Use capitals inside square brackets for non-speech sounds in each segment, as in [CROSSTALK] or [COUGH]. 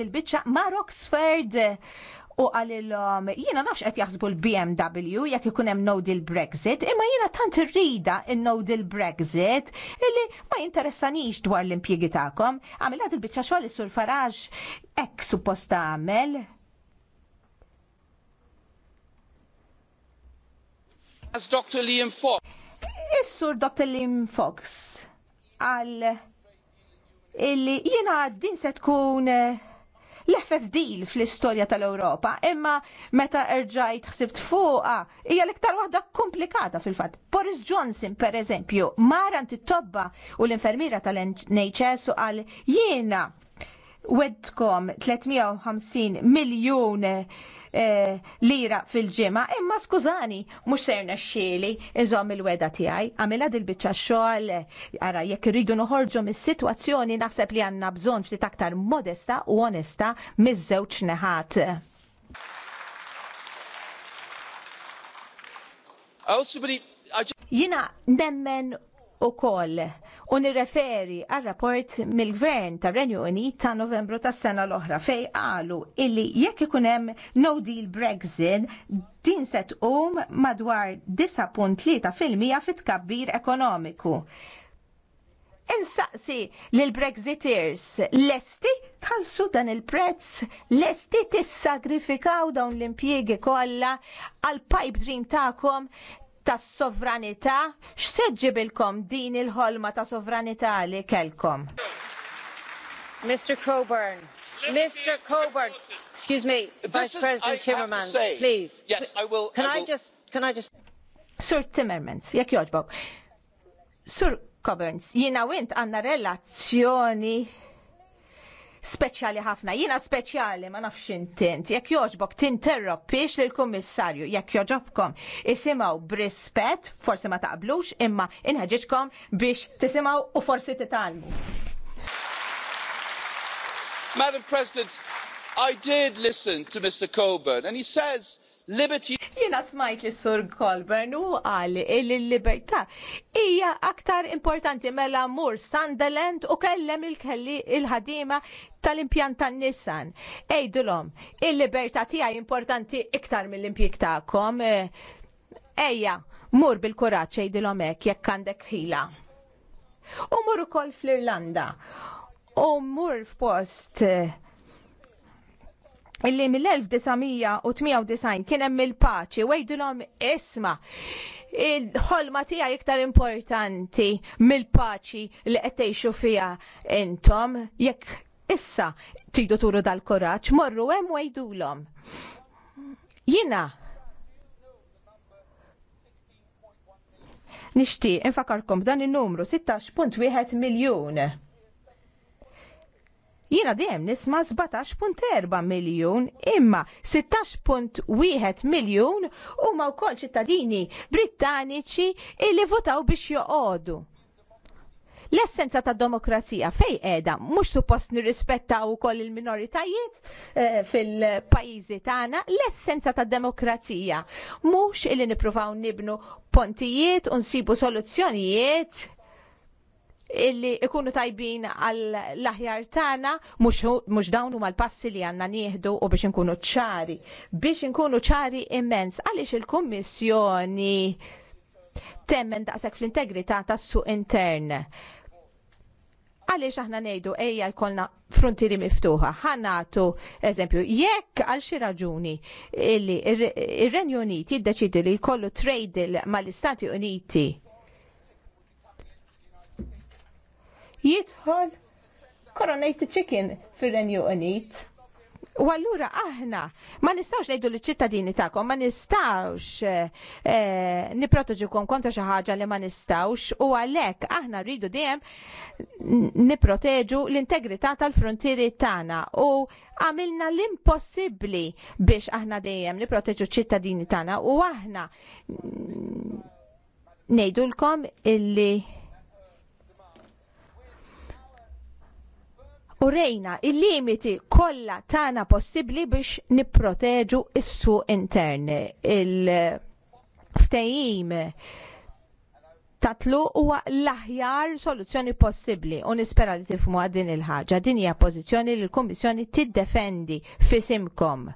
il-bicċa ma' Roxford u għalilom jiena nafx qed jaħsbu l-BMW jekk ikun hemm no deal Brexit, imma jiena tant irrida il no deal Brexit illi ma jinteressanix dwar l-impjiegi tagħkom. Għamilha il-biċċa xogħol is-sur Faraġ hekk supposta għamel. As Dr. Liam Fox. Is-sur Dr. Liam Fox għal illi jiena din se tkun uh, leħfef dil fl-istorja tal-Ewropa, imma meta erġajt ħsibt fuqa, hija l-iktar waħda komplikata fil-fatt. Boris Johnson, per eżempju, mara tobba u l-infermira tal-NHS u għal jiena wedkom 350 miljoni Eh, lira fil-ġimgħa, imma skużani, mhux serna xieli, inżomm il-weda tiegħi, għamilha dil-biċċa xogħol għara jekk irridu noħorġu mis-sitwazzjoni naħseb li għandna bżonn ftit aktar modesta u onesta miż-żewġ neħat. Jina nemmen ukoll u nirreferi għal rapport mill-Gvern tar Renju Unit ta' Novembru tas sena l-oħra fejn qalu illi jekk ikun hemm no deal Brexit din se tqum madwar 9.3 fil fit kabbir ekonomiku. Insaqsi lil Brexiteers lesti tħallsu dan il-prezz, lesti tissagrifikaw dawn l-impjiegi kollha għal pipe dream tagħkom tas sovranità x'seġġibilkom din il-ħolma ta' sovranità li kelkom? Mr. Coburn, Mr. Coburn, excuse me, Vice President Timmermans, please. Yes, I will. Can I, just, can I just? Sir Timmermans, jekk jogħġbok. Sir Coburns, jina wint għanna relazzjoni speċjali ħafna, jina speċjali ma nafx intent, jekk joġbok tinterroppix lill kummissarju jekk joġobkom isimaw brispet, forsi ma taqblux, imma inħeġiġkom biex tisimaw u forsi titalmu. Madam President, I did listen to Mr. Coburn and he says liberty. Jena smajt li sur Colburn u għal il-libertà hija aktar importanti mela mur Sunderland u kellem il-kelli il-ħadima tal-impjant tan Nissan. Ejdulom, il-libertà tija importanti iktar mill-impjik tagħkom. Ejja, mur bil-kuraġġ ejdilhom hekk jekk għandek ħila. U mur ukoll fl-Irlanda. U mur f'post uh, illi mill-1998 kien hemm il-paċi wejdulhom isma' il-ħolma tija iktar importanti mill-paċi li qed tgħixu fiha intom jekk issa tridu turu dal koraġġ morru hemm wejdulhom. Jiena nixtieq infakarkom dan in-numru 16.1 miljun. Jiena dejjem nisma 17.4 miljun imma 16.1 miljun huma wkoll ċittadini Brittaniċi illi votaw biex joqogħdu. L-essenza ta' demokrazija fej qiegħda mhux suppost nirrispettaw ukoll il-minoritajiet eh, fil-pajjiżi tagħna, l-essenza ta' demokrazija mhux illi nippruvaw nibnu pontijiet u nsibu soluzzjonijiet illi ikunu tajbin għall-aħjar tagħna mhux dawn huma passi li għandna nieħdu u biex inkunu ċari. Biex inkunu ċari immens għaliex il-Kummissjoni temmen daqshekk fl-integrità tas-suq intern. Għaliex aħna ngħidu ejja jkollna frontieri miftuħa. Ħanatu eżempju, jekk għal xi raġuni illi ir-Renju Uniti jiddeċidi li jkollu trade mal-Istati Uniti jidħol Coronated Chicken fil renju Unit. U allura aħna ma nistawx ngħidu liċ ċittadini tagħkom, ma nistawx e, niprotoġukom kontra xi ħaġa li ma nistawx u għalhekk aħna rridu dejjem nipproteġu l-integrità tal-frontieri tagħna u għamilna l-impossibbli biex aħna dejjem niproteġu ċittadini tagħna u aħna ngħidulkom illi u rejna il-limiti kollha tagħna possibbli biex nipproteġu is su intern. Il-ftehim tatlu huwa l-aħjar soluzzjoni possibbli u nispera li tifmu din il-ħaġa. Din hija pożizzjoni li l-Kummissjoni tiddefendi fisimkom.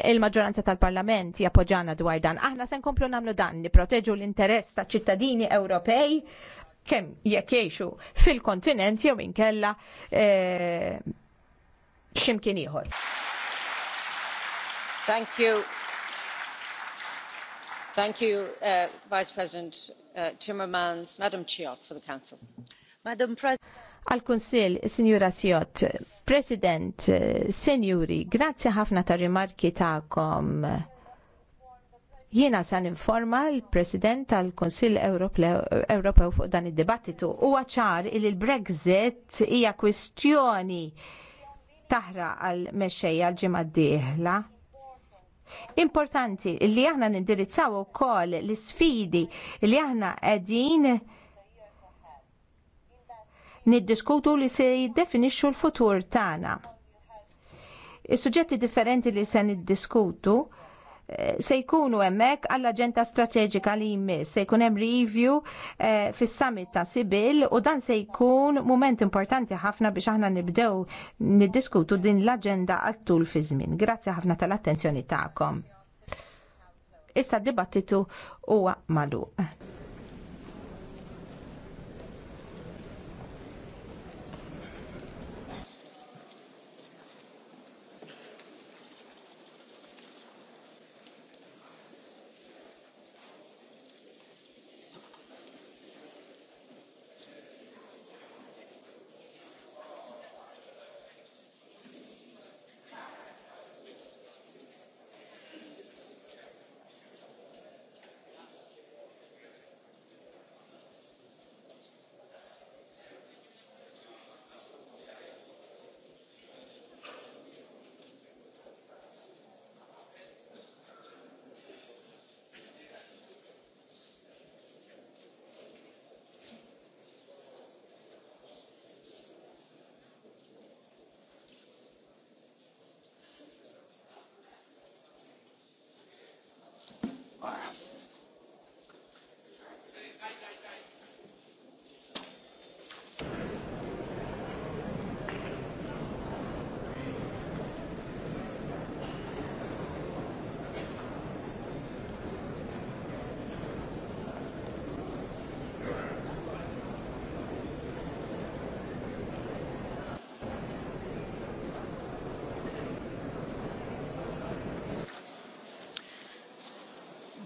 Il-maġġoranza tal-Parlament jappoġġana dwar dan. Aħna se nkomplu nagħmlu dan, nipproteġu l-interess ta' ċittadini Ewropej kemm jekk jgħixu fil-kontinent jew inkella e, x'imkien ieħor. Thank you. Thank you, uh, Vice President uh, Timmermans. Madam Chiot for the Council. Madam President Al kunsil Signora Siot, President, Signori, grazie ħafna ta' rimarki ta'kom. Jiena san informa l-President tal-Konsil Ewropew fuq dan id-dibattitu huwa ċar li l-Brexit hija kwistjoni taħra għal mexxejja l-ġimgħa d-dieħla. Importanti li aħna nindirizzaw ukoll l-isfidi li aħna qegħdin niddiskutu li se jiddefinixxu l-futur tagħna. Is-suġġetti differenti li se niddiskutu se jkunu hemmhekk għall aġenda strateġika li jmiss se jkun hemm review eh, fis-summit ta' Sibil u dan se jkun mument importanti ħafna biex aħna nibdew niddiskutu din l-aġenda għattul fi żmien. Grazzi ħafna tal-attenzjoni tagħkom. Issa d-dibattitu huwa magħluq.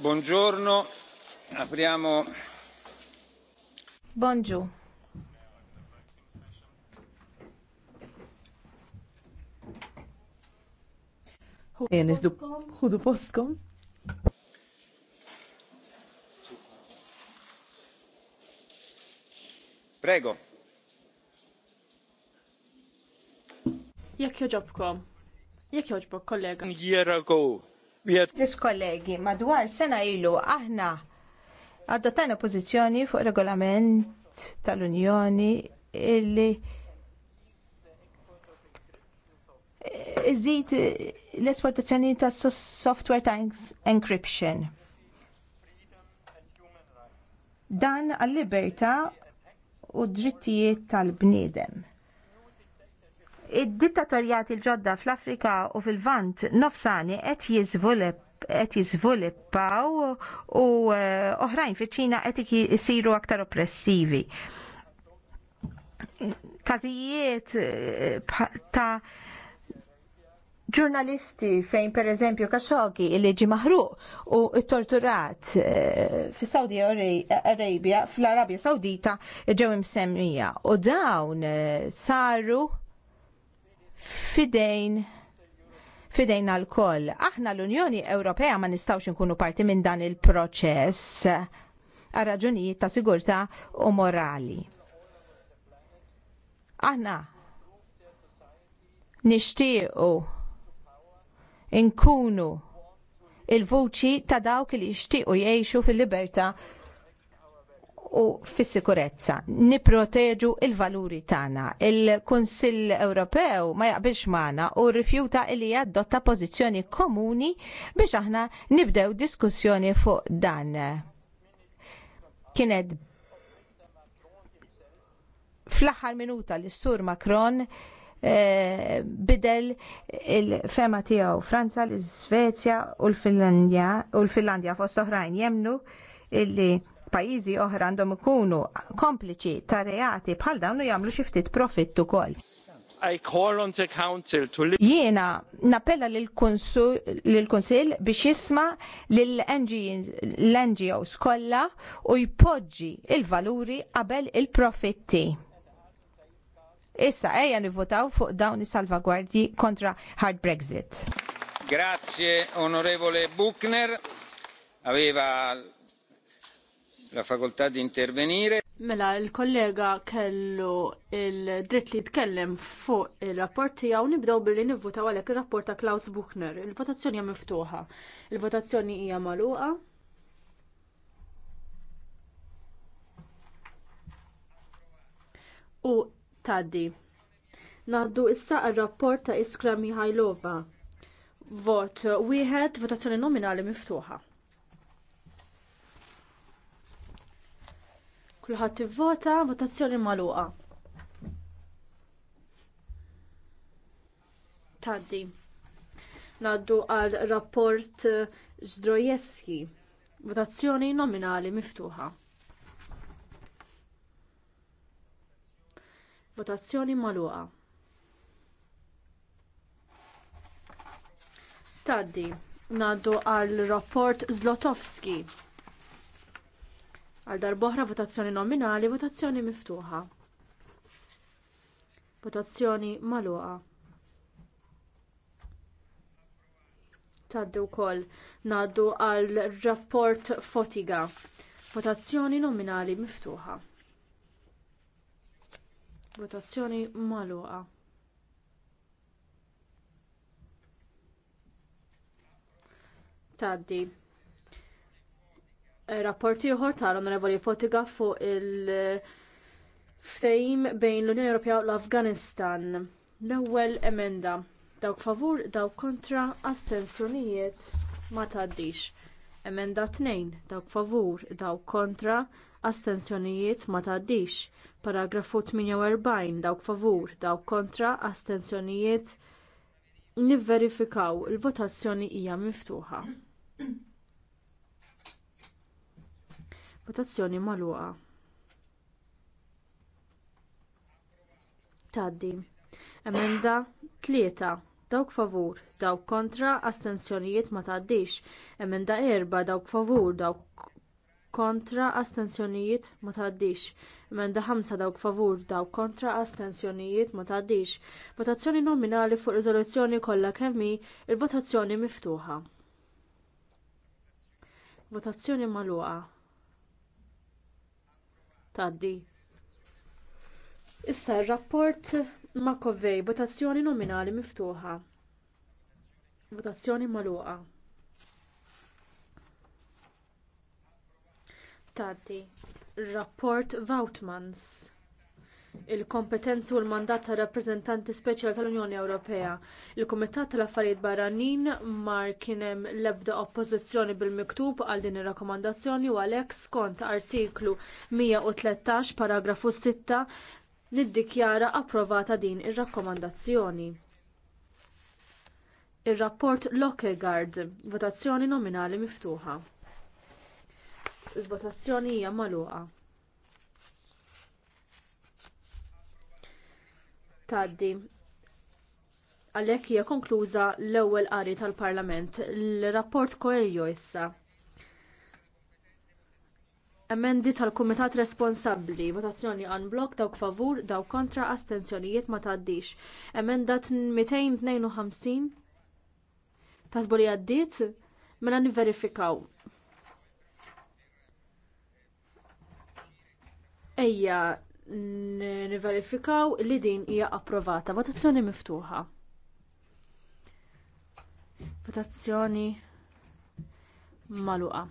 Buongiorno, apriamo. Bonġu. Hudu postkom. Prego. Jekk joġobkom. Jekk joġbok, kollega. Year ago Ziz kollegi, madwar sena ilu aħna adottajna pożizzjoni fuq regolament tal-Unjoni illi iżid l-esportazzjoni ta' software ta' encryption. Dan għal-liberta u drittijiet tal-bniedem. Id-dittatorjati l-ġodda fl-Afrika u fil-Vant nofsani qed jiżvilupp qed jiżviluppaw u eh, oħrajn fiċ-Ċina qed isiru aktar oppressivi. Każijiet eh, ta' ġurnalisti fejn per eżempju Khashoggi li ġi maħruq u torturat eh, fi Saudi Arabia, fl-Arabja Sawdita ġew imsemmija u dawn saru fidejn fidejna għal koll Aħna l-Unjoni Ewropea ma nistawx nkunu parti minn dan il-proċess għal raġunijiet ta' sigurta u morali. Aħna nixtiequ nkunu il-vuċi ta' dawk li jixtiequ jgħixu fil-libertà u fis-sikurezza. Nipproteġu il-valuri tagħna. Il-Kunsill Ewropew ma jaqbilx magħna u rrifjuta li jaddotta pożizzjoni komuni biex aħna nibdew diskussjoni fuq dan. Kienet fl-aħħar minuta li sur Macron eh, bidel il-fema tiegħu Franza, l-Svezja u l-Finlandja u l-Finlandja fost oħrajn jemnu illi pajizi oħra għandhom ikunu kompliċi ta' reati bħal dawn u jagħmlu xi ftit profitt ukoll. I call on the council to Jiena nappella lill-Kunsill biex jisma lill-NGOs kollha u jpoġġi il-valuri qabel il-profitti. Issa ejja nivvotaw fuq dawn is-salvagwardji kontra hard Brexit. Grazie onorevole Buchner. Aveva la facoltà di intervenire. Mela, il-kollega kellu il-dritt li jitkellem fuq il rapporti għaw nibdew billi nivvota għalhekk ir-rapport ta' Klaus Buchner. Il-votazzjoni għam miftuħa. Il-votazzjoni hija magħluqa. U taddi, Naddu issa il rapport ta' Iskra Mihajlova. Vot wieħed votazzjoni nominali miftuħa. Kulħadd ivvota, votazzjoni magħluqa. Taddi. Naddu għal rapport Zdrojewski. Votazzjoni nominali miftuħa. Votazzjoni magħluqa. Taddi. Naddu għal rapport Zlotowski. Għal darboħra votazzjoni nominali, votazzjoni miftuħa. Votazzjoni magħluqa. Taddu wkoll ngħaddu għal rapport Fotiga. Votazzjoni nominali miftuħa. Votazzjoni magħluqa. Taddi rapporti uħor tal-Onorevoli Fotiga fuq il-ftejim bejn l-Unjoni Ewropea u l-Afganistan. L-ewwel emenda dawk favur, dawk kontra, astensjonijiet ma taddix. Emenda tnejn, dawk favur, dawk kontra, astensjonijiet ma taddix. Paragrafu 48, dawk favur, dawk kontra, astensjonijiet nivverifikaw il-votazzjoni hija miftuħa votazzjoni magħluqa tgħaddi emenda 3 dawk favur dawk kontra astensjonijiet ma tgħaddix emenda 4 dawk favur dawk kontra astensjonijiet ma tgħaddix emenda 5 dawk favur dawk kontra astensjonijiet ma tgħaddix votazzjoni nominali fuq riżoluzzjoni kollha kemm hi il-votazzjoni miftuħa votazzjoni magħluqa tgħaddi. Issa r-rapport Makovej votazzjoni nominali miftuħa. Votazzjoni magħluqa. Tgħaddi. Rapport Voutmans il-kompetenzi u l-mandat tar rappreżentanti speċjali tal-Unjoni Ewropea. Il-Kumitat tal-Affarijiet Barranin mar kien hemm l-ebda oppożizzjoni bil-miktub għal din ir-rakkomandazzjoni u għalhekk skont artiklu 113 paragrafu 6 niddikjara approvata din ir-rakkomandazzjoni. Ir-rapport Lockegard, votazzjoni nominali miftuħa. Il-votazzjoni hija magħluqa. tgħaddi. Għalhekk hija konkluża l-ewwel qari tal-Parlament. Il-rapport Coelho issa. Emendi tal-Kumitat Responsabbli, votazzjoni għan blok dawk favur, dawk kontra, astenzjonijiet ma tgħaddix. Emenda 252 tasbu li għaddiet, mela niverifikaw. Ejja, niverifikaw li din hija approvata. Votazzjoni miftuħa. Votazzjoni maluqa.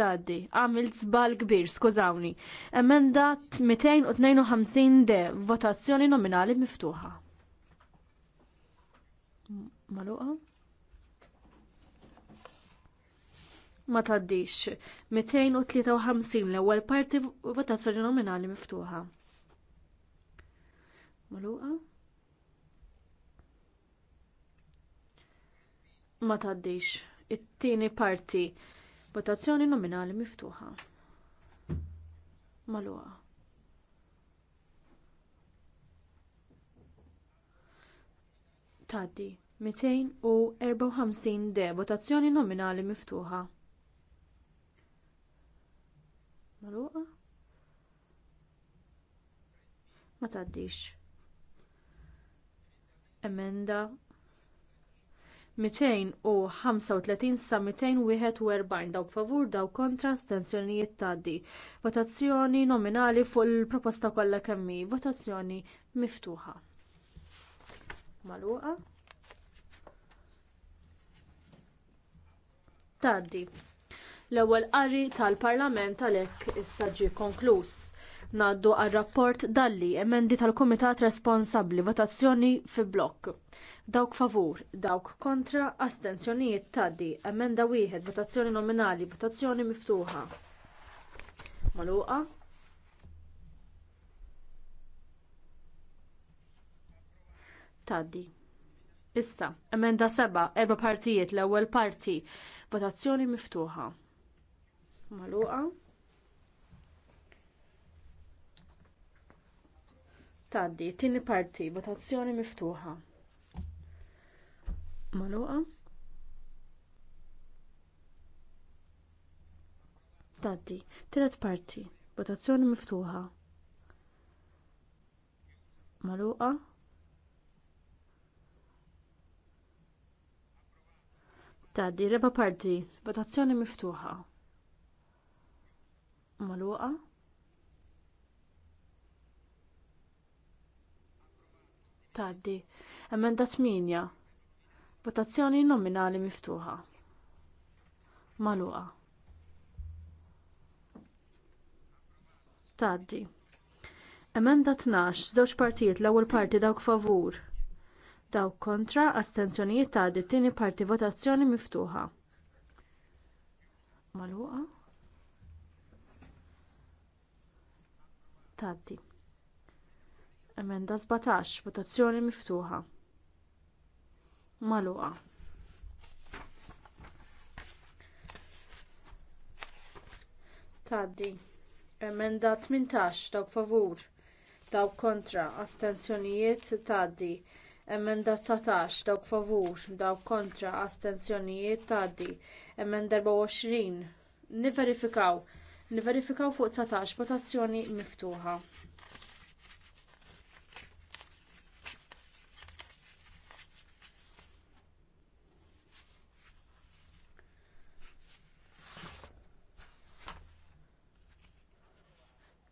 Taddi, għamil zbal kbir, skużawni. Emenda 252 de, votazzjoni nominali miftuħa. Maluqa? ma taddix. 253 l-ewwel parti votazzjoni nominali miftuħa. Maluqa? Ma tgħaddix It-tieni parti votazzjoni nominali miftuħa. Maluqa. Taddi 254 de votazzjoni nominali miftuħa. Maluqa. Ma taddix. Emenda 235 sa 241 dawk favur dawk kontra stenzjonijiet tgħaddi. Votazzjoni nominali fuq il-proposta kollha kemm hi. Votazzjoni miftuħa. Maluqa. Taddi. L-ewwel qari tal-Parlament għalhekk issa ġie konkluż. Ngħaddu għar rapport dalli emendi tal-Kumitat Responsabbli votazzjoni fi blokk. Dawk favur, dawk kontra, astensjonijiet tgħaddi. emenda wieħed, votazzjoni nominali, votazzjoni miftuħa. Maluqa. Taddi. Issa, emenda seba' erba' partijiet l-ewwel parti, votazzjoni miftuħa magħluqa tgħaddi tieni parti votazzjoni miftuħa magħluqa tgħaddi tielet parti votazzjoni miftuħa magħluqa tgħaddi reba' parti votazzjoni miftuħa maluqa Taddi. emenda 8 votazzjoni nominali miftuħa magħluqa Taddi. emenda 12 żewġ partijiet l-ewwel parti dawk favur dawk kontra astenzjonijiet tgħaddi t-tieni parti votazzjoni miftuħa Maluqa? tgħaddi emenda 17 votazzjoni miftuħa Maluqa. tgħaddi emenda 18 dawk favur dawk kontra astensjonijiet tgħaddi emenda 19 dawk favur dawk kontra astensjonijiet tgħaddi emenda 24 niverifikaw. Niverifikaw fuq 19 votazzjoni miftuħa.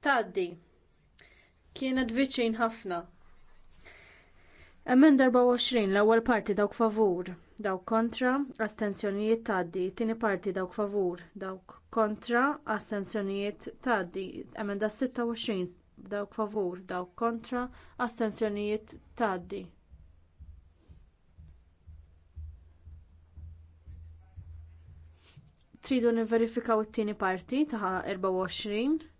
Tgħaddi. Kienet viċin ħafna. Emmen 24 l-ewwel parti dawk favur dawk kontra astensjonijiet tgħaddi tieni parti dawk favur dawk kontra astensjonijiet tgħaddi emenda 26 dawk favur dawk kontra astensjonijiet tgħaddi tridu nivverifikaw it-tieni parti ta' 24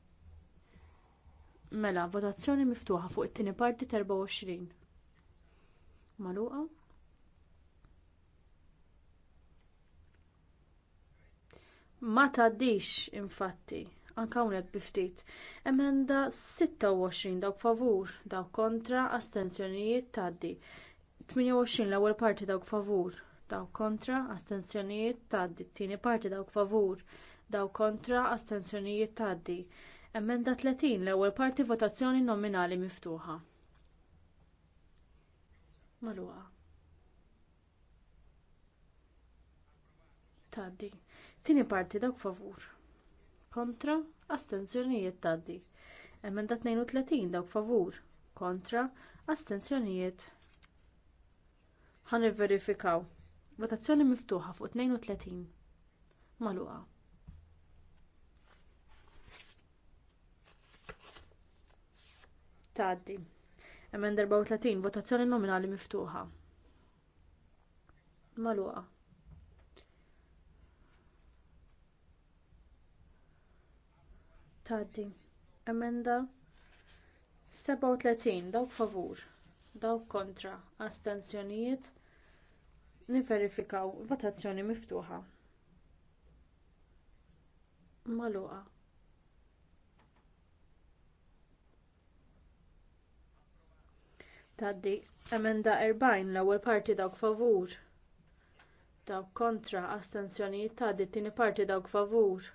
mela votazzjoni miftuħa fuq it-tieni parti ta' 24 ma tgħaddix infatti anke hawnhekk bi ftit emenda 26 dawk favur dawk kontra astensjonijiet tgħaddi 28 l-ewwel parti dawk favur dawk kontra astensjonijiet tgħaddi it-tieni parti dawk favur dawk kontra astensjonijiet tgħaddi emenda 30 l-ewwel parti votazzjoni nominali miftuħa magħluqa tgħaddi Tieni parti dawk favur. Kontra astenzjonijiet tgħaddi. Emenda 32 dawk favur. Kontra astenzjonijiet ħan verifikaw. Votazzjoni miftuħa fuq 32. Maluqa. Taddi. Emenda 34 votazzjoni nominali miftuħa. Maluqa. tgħaddi emenda 37 dawk favur dawk kontra astensjonijiet nivverifikaw votazzjoni miftuħa magħluqa Taddi, emenda 40 l-ewwel parti dawk favur dawk kontra astensjonijiet tgħaddi t parti dawk favur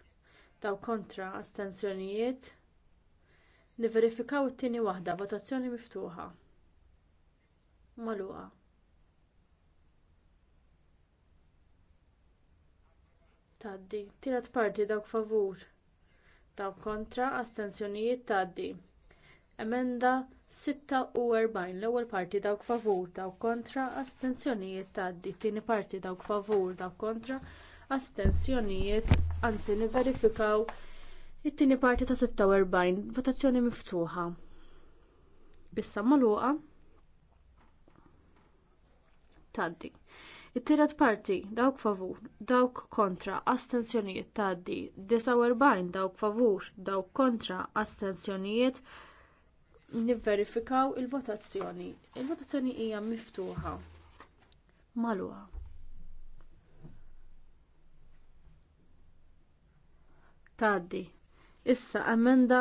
daw kontra astensjonijiet niverifikaw it-tieni waħda votazzjoni miftuħa magħluqa Taddi. tielet parti dawk favur dawk kontra astensjonijiet tgħaddi emenda 46 l-ewwel parti dawk favur dawk kontra astensjonijiet tgħaddi it-tieni parti dawk favur dawk kontra astensjonijiet anzi nivverifikaw it-tieni parti ta' 46 votazzjoni miftuħa. Issa magħluqa tgħaddi. It-tielet parti dawk favur, dawk kontra, astensjonijiet tgħaddi. 49 dawk favur, dawk kontra, astensjonijiet nivverifikaw il-votazzjoni. Il-votazzjoni hija miftuħa. Magħluqa. tgħaddi. Issa emenda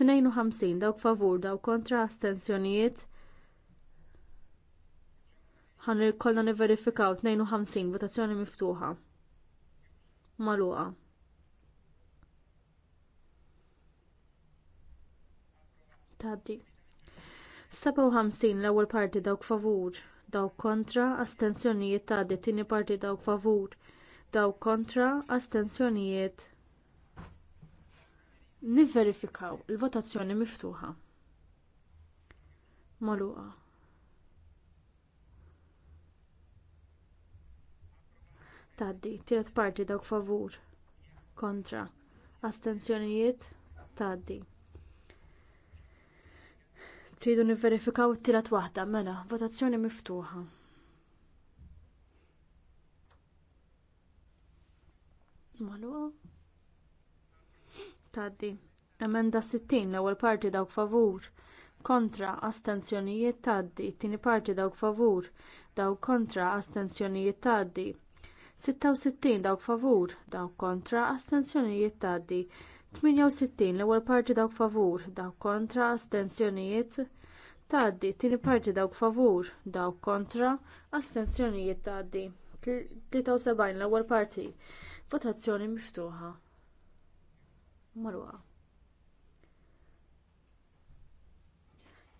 52 dawk favur dawk kontra astensjonijiet ħan ikollna niverifikaw 52 votazzjoni miftuħa. Maluqa. Taddi. 57 l-ewwel parti dawk favur, dawk kontra, astensjonijiet tgħaddi tieni parti dawk favur, dawk kontra, astensjonijiet nivverifikaw il-votazzjoni miftuħa magħluqa tgħaddi tielet parti dawk favur kontra astensjonijiet tgħaddi tridu nivverifikaw it-tielet waħda mela votazzjoni miftuħa magħluqa tgħaddi emenda 60 l-ewwel parti dawk favur kontra astensjonijiet tgħaddi it-tieni parti dawk favur dawk kontra astensjonijiet tgħaddi 66 dawk favur dawk kontra astensjonijiet tgħaddi 68 l-ewwel parti dawk favur dawk kontra astensjonijiet tgħaddi it-tieni parti dawk favur dawk kontra astensjonijiet tgħaddi 73 l-ewwel parti votazzjoni miftuħa marwa.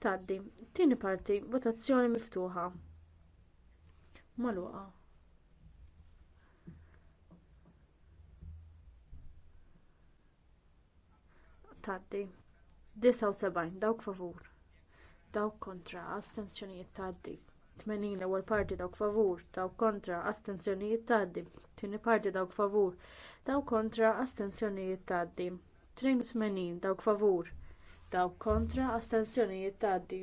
Taddi, tieni parti, votazzjoni miftuħa. Malwa. Taddi, 79 dawk favur dawk kontra astensjonijiet tgħaddi 80 l-ewwel parti dawk favur dawk kontra astensjonijiet tgħaddi tieni parti dawk favur dawk kontra astensjonijiet tgħaddi 83 dawk favur dawk kontra astensjonijiet tgħaddi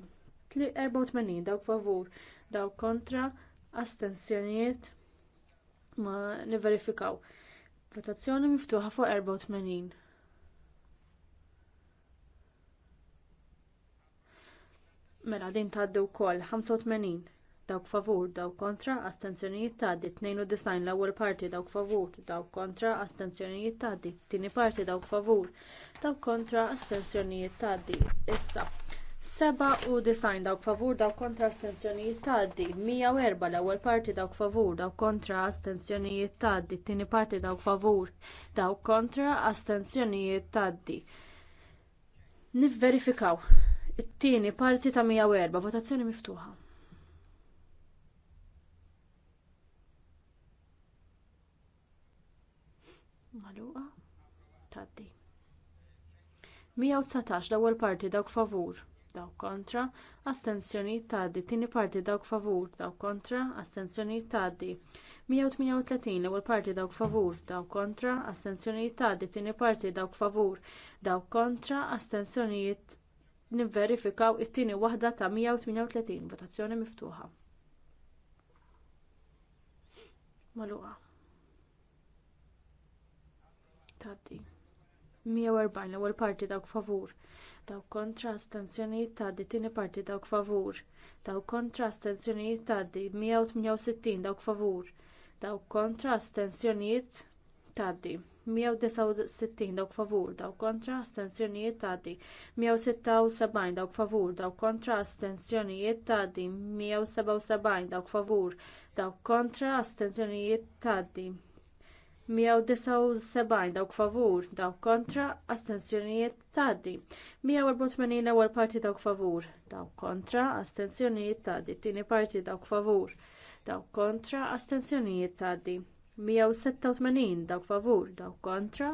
84 dawk favur dawk kontra astensjonijiet ma nivverifikaw votazzjoni miftuħa fuq 84 mela din tgħaddi wkoll 85 dawk favur dawk kontra astensjonijiet tgħaddi 92 l-ewwel parti dawk favur dawk kontra astensjonijiet tgħaddi tieni parti dawk favur dawk kontra astensjonijiet tgħaddi issa 97 dawk favur dawk kontra astensjonijiet tgħaddi 104 l-ewwel parti dawk favur dawk kontra astensjonijiet tgħaddi tieni parti dawk favur dawk kontra astensjonijiet tgħaddi nivverifikaw it-tieni parti ta' 104 votazzjoni miftuħa Magħluqa. Tgħaddi. 119 l-ewwel parti dawk favur, dawk kontra, astensjonijiet tgħaddi. Tieni parti dawk favur, dawk kontra, astensjonijiet tgħaddi. 138 l-ewwel parti dawk favur, dawk kontra, astensjonijiet tgħaddi. Tieni parti dawk favur, dawk kontra, astensjonijiet nivverifikaw it-tieni waħda ta' 138 votazzjoni miftuħa. Maluqa tgħaddi 140 l-ewwel parti dawk favur dawk kontra astensjonijiet tgħaddi tieni parti dawk favur dawk kontra astensjonijiet tgħaddi 168 dawk favur dawk kontra astensjonijiet tgħaddi 169 dawk favur dawk kontra astensjonijiet tgħaddi 176 dawk favur dawk kontra astensjonijiet tgħaddi 177 dawk favur dawk kontra astensjonijiet tgħaddi 179 dawk favur dawk kontra astensjonijiet tgħaddi 184 l-ewwel parti dawk favur dawk kontra astensjonijiet tgħaddi it-tieni parti dawk favur dawk kontra astensjonijiet tgħaddi 186 dawk favur dawk kontra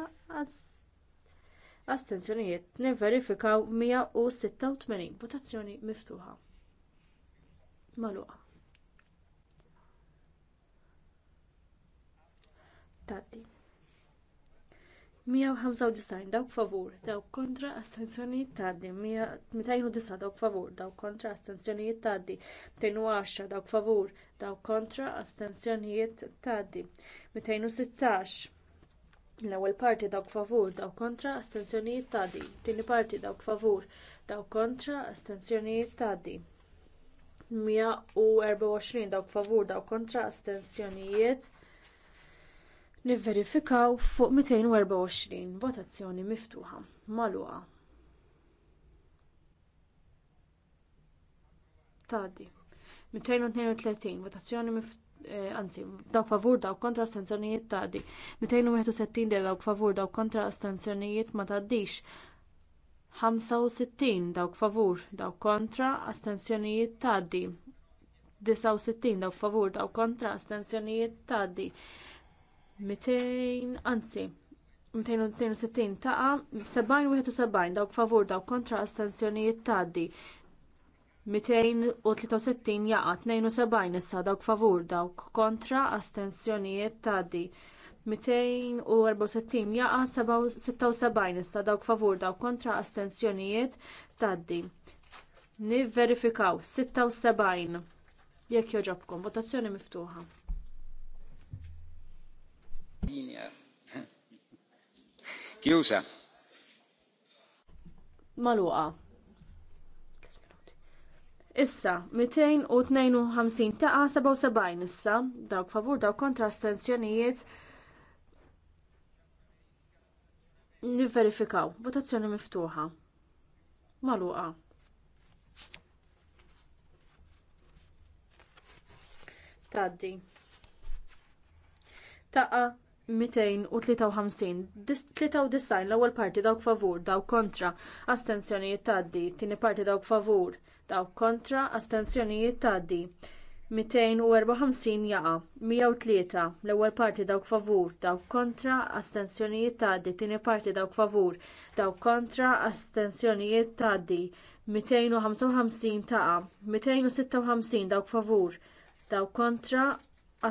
astensjonijiet nivverifikaw 186 votazzjoni miftuħa magħluqa tgħaddi 195 dawk favur dawk kontra astensjonijiet tgħaddi 209 dawk favur dawk kontra astensjonijiet tgħaddi 210 dawk favur dawk kontra astensjonijiet tgħaddi 216 l-ewwel parti dawk favur dawk kontra astensjonijiet tgħaddi it-tieni parti dawk favur dawk kontra astensjonijiet tgħaddi 124 dawk favur dawk kontra astensjonijiet nivverifikaw fuq 224 votazzjoni miftuħa magħluqa tgħaddi votazzjoni eh, dawk favur dawk kontra astensjonijiet tgħaddi 261 dawk favur dawk kontra astensjonijiet ma tgħaddix 65 dawk favur dawk kontra astensjonijiet tgħaddi 69 dawk favur dawk kontra astensjonijiet tgħaddi 200 anzi 262 taqa 71 dawk favur dawk kontra astensjonijiet tgħaddi 263 jaqa 72 issa dawk favur dawk kontra astensjonijiet tgħaddi 264 jaqa 76 issa dawk favur dawk kontra astensjonijiet taddi. nivverifikaw 76 jekk jogħġobkom votazzjoni miftuħa [CLEARS THROAT] magħluqa Issa, 252 taqa 77 issa, dawk favur dawk kontra astensjonijiet nivverifikaw. Votazzjoni miftuħa. Maluqa. Tgħaddi. Taqa 253 93 l-ewwel parti dawk favur dawk kontra astensjonijiet tgħaddi tieni parti dawk favur dawk kontra astensjonijiet tgħaddi 254 jaqa 103 l-ewwel parti dawk favur dawk kontra astensjonijiet tgħaddi tieni parti dawk favur dawk kontra astensjonijiet tgħaddi 255 taqa 256 dawk favur dawk kontra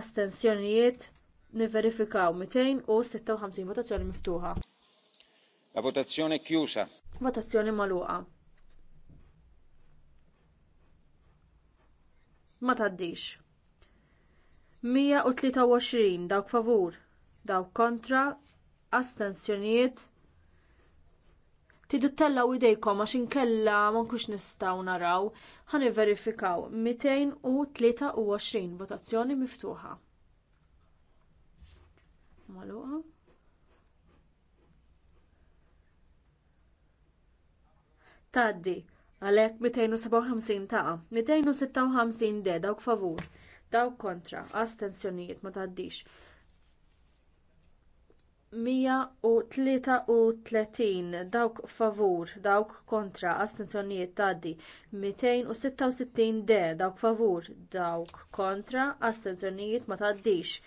astensjonijiet nivverifikaw 256 votazzjoni miftuħa la votazione chiusa votazzjoni magħluqa ma tgħaddix 123 dawk favur dawk kontra astensjonijiet Tidu tellaw idejkom għax inkella ma nkunx nistgħu naraw Ħa verifikaw 223 votazzjoni miftuħa maluqa. Taddi, għalek 257 taqa, 256 de, dawk favur, dawk kontra, astensjonijiet ma taddix. 133 dawk favur, dawk kontra, astensjonijiet taddi, 266 de, dawk favur, dawk kontra, astensjonijiet ma taddix.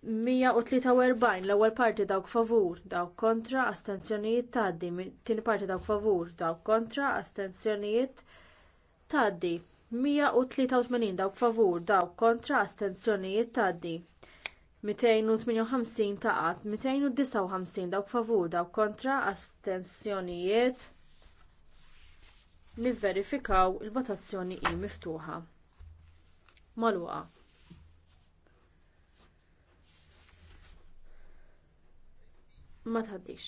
143 l-ewwel parti dawk favur dawk kontra astensjonijiet tgħaddi tieni parti dawk favur dawk kontra astensjonijiet tgħaddi 183 dawk favur dawk kontra astensjonijiet tgħaddi 258 taqat 259 dawk favur dawk kontra astensjonijiet nivverifikaw il-votazzjoni hi miftuħa magħluqa ma tħaddix.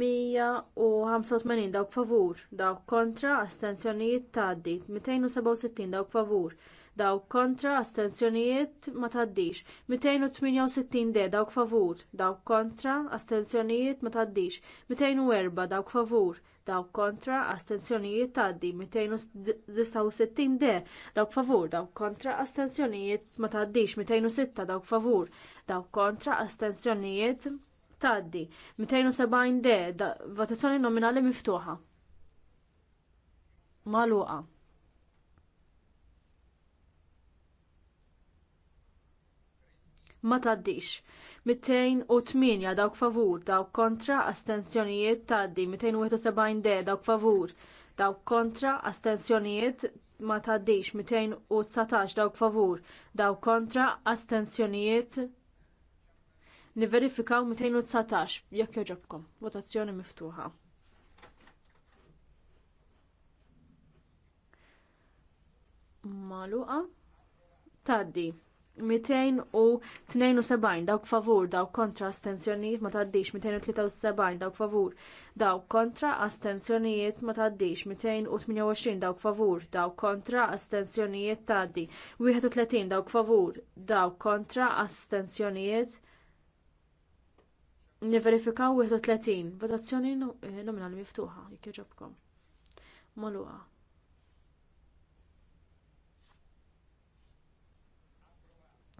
185 dawk favur, dawk kontra, astensjonijiet tgħaddi, 267 dawk favur, dawk kontra, astensjonijiet ma tgħaddix, 268 de dawk favur, dawk kontra, astensjonijiet ma tgħaddix, 204 dawk favur, dawk kontra, astensjonijiet tgħaddi, 269 de dawk favur, dawk kontra, astensjonijiet ma tgħaddix, 206 dawk favur, dawk kontra, astensjonijiet tgħaddi. 270 de votazzjoni nominali miftuħa. Maluqa. Ma tgħaddix. 208 dawk favur, dawk kontra, astensjonijiet tgħaddi. 271 de dawk favur, dawk kontra, astensjonijiet ma tgħaddix. 219 dawk favur, dawk kontra, astensjonijiet Niverifikaw 219 jekk joġobkom. Votazzjoni miftuħa. Maluqa. Taddi. 272 dawk favur dawk kontra astenzjonijiet ma tgħaddix 273 dawk favur dawk kontra astenzjonijiet ma tgħaddix 228 dawk favur dawk kontra astenzjonijiet tgħaddi 31 dawk favur dawk kontra astenzjonijiet Niverifikaw 31 votazzjoni eh, nominali miftuħa jekk jogħġobkom. Magħluqa.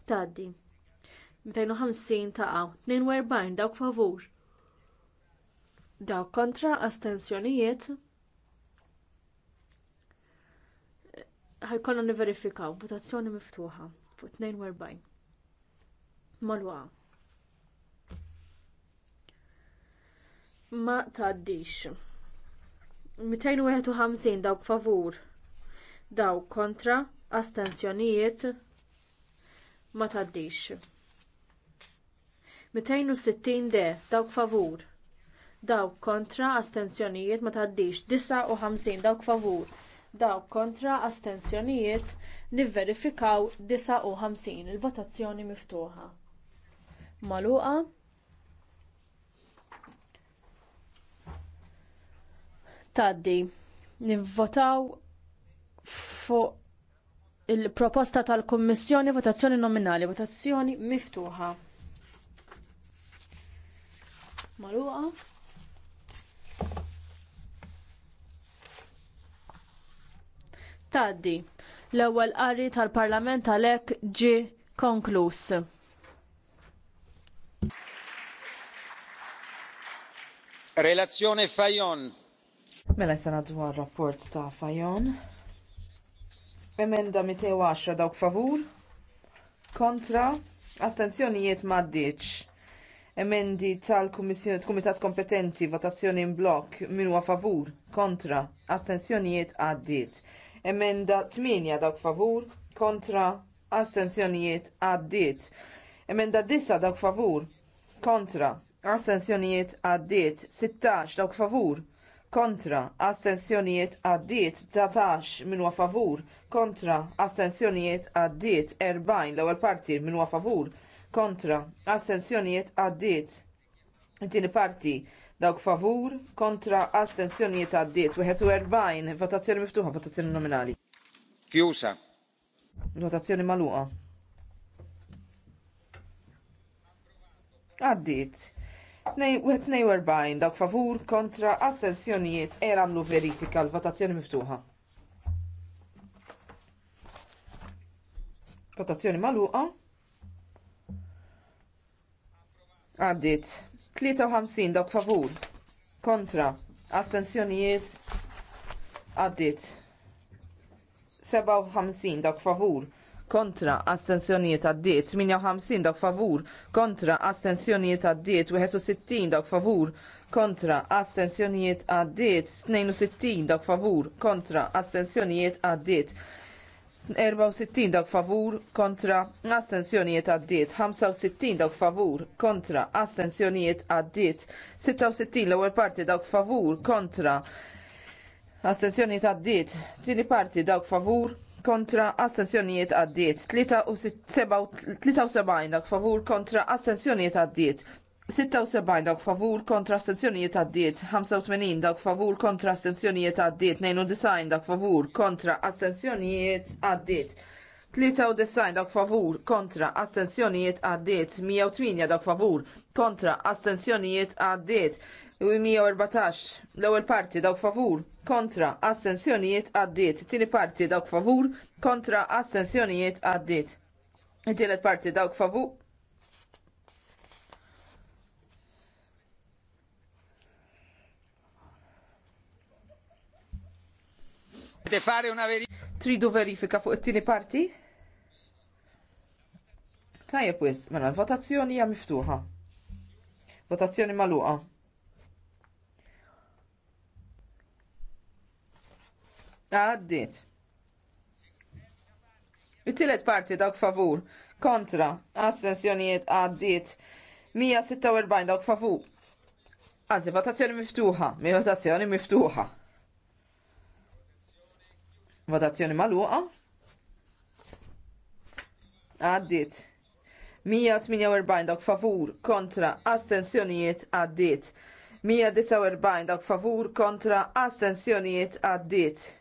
Tgħaddi. 250 taqgħu, 42 dawk favur. Dawk kontra astensjonijiet ħajkollna niverifikaw votazzjoni miftuħa Fu 42. Maluqa. ma taddix. 251 dawk favur dawk kontra astensjonijiet ma taddix. 260 de dawk favur dawk kontra astensjonijiet ma taddix. 59 dawk favur dawk kontra astensjonijiet nivverifikaw 59 il-votazzjoni miftuħa Maluqa? tgħaddi. Nivvotaw fuq il-proposta tal-Kummissjoni votazzjoni nominali, votazzjoni miftuħa. Maluqa. Tgħaddi. L-ewwel qari tal-Parlament għalhekk ġie konkluż. Relazione Fajon Mela sena dwar rapport ta' Fajon. Emenda 210 dawk favur. Kontra. Astenzjonijiet maddiċ. Emendi tal-Kumitat -kumitat Kompetenti votazzjoni in blok minu a favur. Kontra. Astenzjonijiet għaddiet. Emenda 8 dawk favur. Kontra. Astenzjonijiet għaddiet. Emenda 10 dawk favur. Kontra. Astenzjonijiet għaddiet. 16 dawk favur kontra astensjonijiet għaddiet 19 minwa favur kontra astensjonijiet għaddiet 40 l-ewwel parti minwa favur kontra astensjonijiet għaddiet it-tieni parti dawk favur kontra astensjonijiet għaddiet 41 votazzjoni miftuħa votazzjoni nominali. Chiusa. Votazzjoni magħluqa. Għaddit. 42 dawk favur kontra astensjonijiet era għamlu verifika l-votazzjoni miftuħa. Votazzjoni magħluqa. Għaddit. 53 dawk favur kontra astensjonijiet għaddit. 57 dawk favur kontra astensjonijiet għaddiet, 58 dawk favur kontra astensjonijiet għaddiet, 61 dawk favur kontra astensjonijiet għaddiet, 62 dawk favur kontra astensjonijiet għaddiet. 64 dawk favur kontra astensjonijiet għaddiet, 65 dawk favur kontra astensjonijiet għaddiet, 66 l-ewwel parti dawk favur kontra astensjonijiet għaddiet, tieni parti dawk favur kontra astensjonijiet għaddiet. 73 dak favur kontra astensjonijiet għaddiet. 76 dak favur kontra astensjonijiet għaddiet. 85 dak favur kontra astensjonijiet għaddiet. 92 dak favur kontra astensjonijiet għaddiet. 93 dak favur kontra astensjonijiet għaddiet. 108 dak favur kontra astensjonijiet għaddiet. 114 l-ewwel parti dawk favur kontra astensjonijiet għaddiet. Tieni parti dawk favur kontra astensjonijiet għaddiet. Tielet parti dawk favur Tridu verifika fuq it-tieni parti? Tajjeb wis, mela l-votazzjoni hija miftuħa. Votazzjoni magħluqa. Għaddit. Il-tillet parti dawk favur. Kontra. Astensjonijiet għaddit. 146 dawk favur. Anzi, votazzjoni miftuħa. Mi votazzjoni miftuħa. Votazzjoni maluqa. Għaddit. 148 dawk favur kontra astensjonijiet għaddit. 149 dawk favur kontra astensjonijiet għaddiet.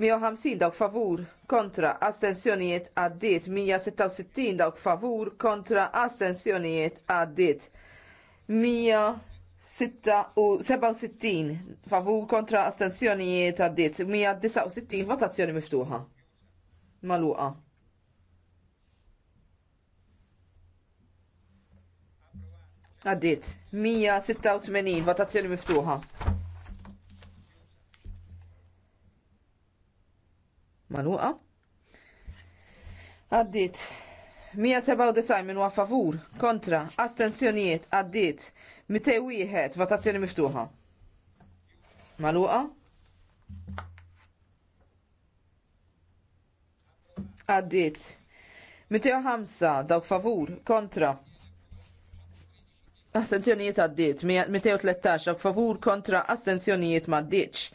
150 dawk favur kontra astensjonijiet għaddiet 166 dawk favur kontra astensjonijiet għaddiet 167 favur kontra astensjonijiet għaddiet 169 votazzjoni miftuħa maluqa għaddiet 186 votazzjoni miftuħa Maluqa. Għaddit. 197 minn huwa favur, kontra, astensjonijiet, għaddit. 201 votazzjoni miftuħa. Maluqa. Għaddit. 205 dawk favur, kontra. Astenzjonijiet għaddit. 213 dawk favur, kontra, astenzjonijiet maddiċ.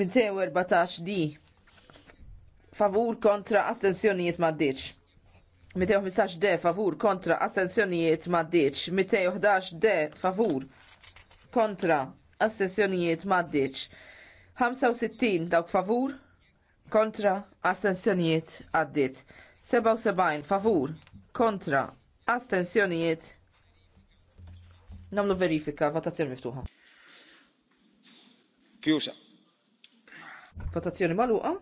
214 di favur kontra astensjonijiet maddiċ. 215 de favur kontra astensjonijiet maddiċ. 211 de favur kontra astensjonijiet maddiċ. 65 dawk favur kontra astensjonijiet għaddit. 77 favur kontra astensjonijiet namlu verifika votazzjoni miftuħa. Kjusa. Votazzjoni maluqa?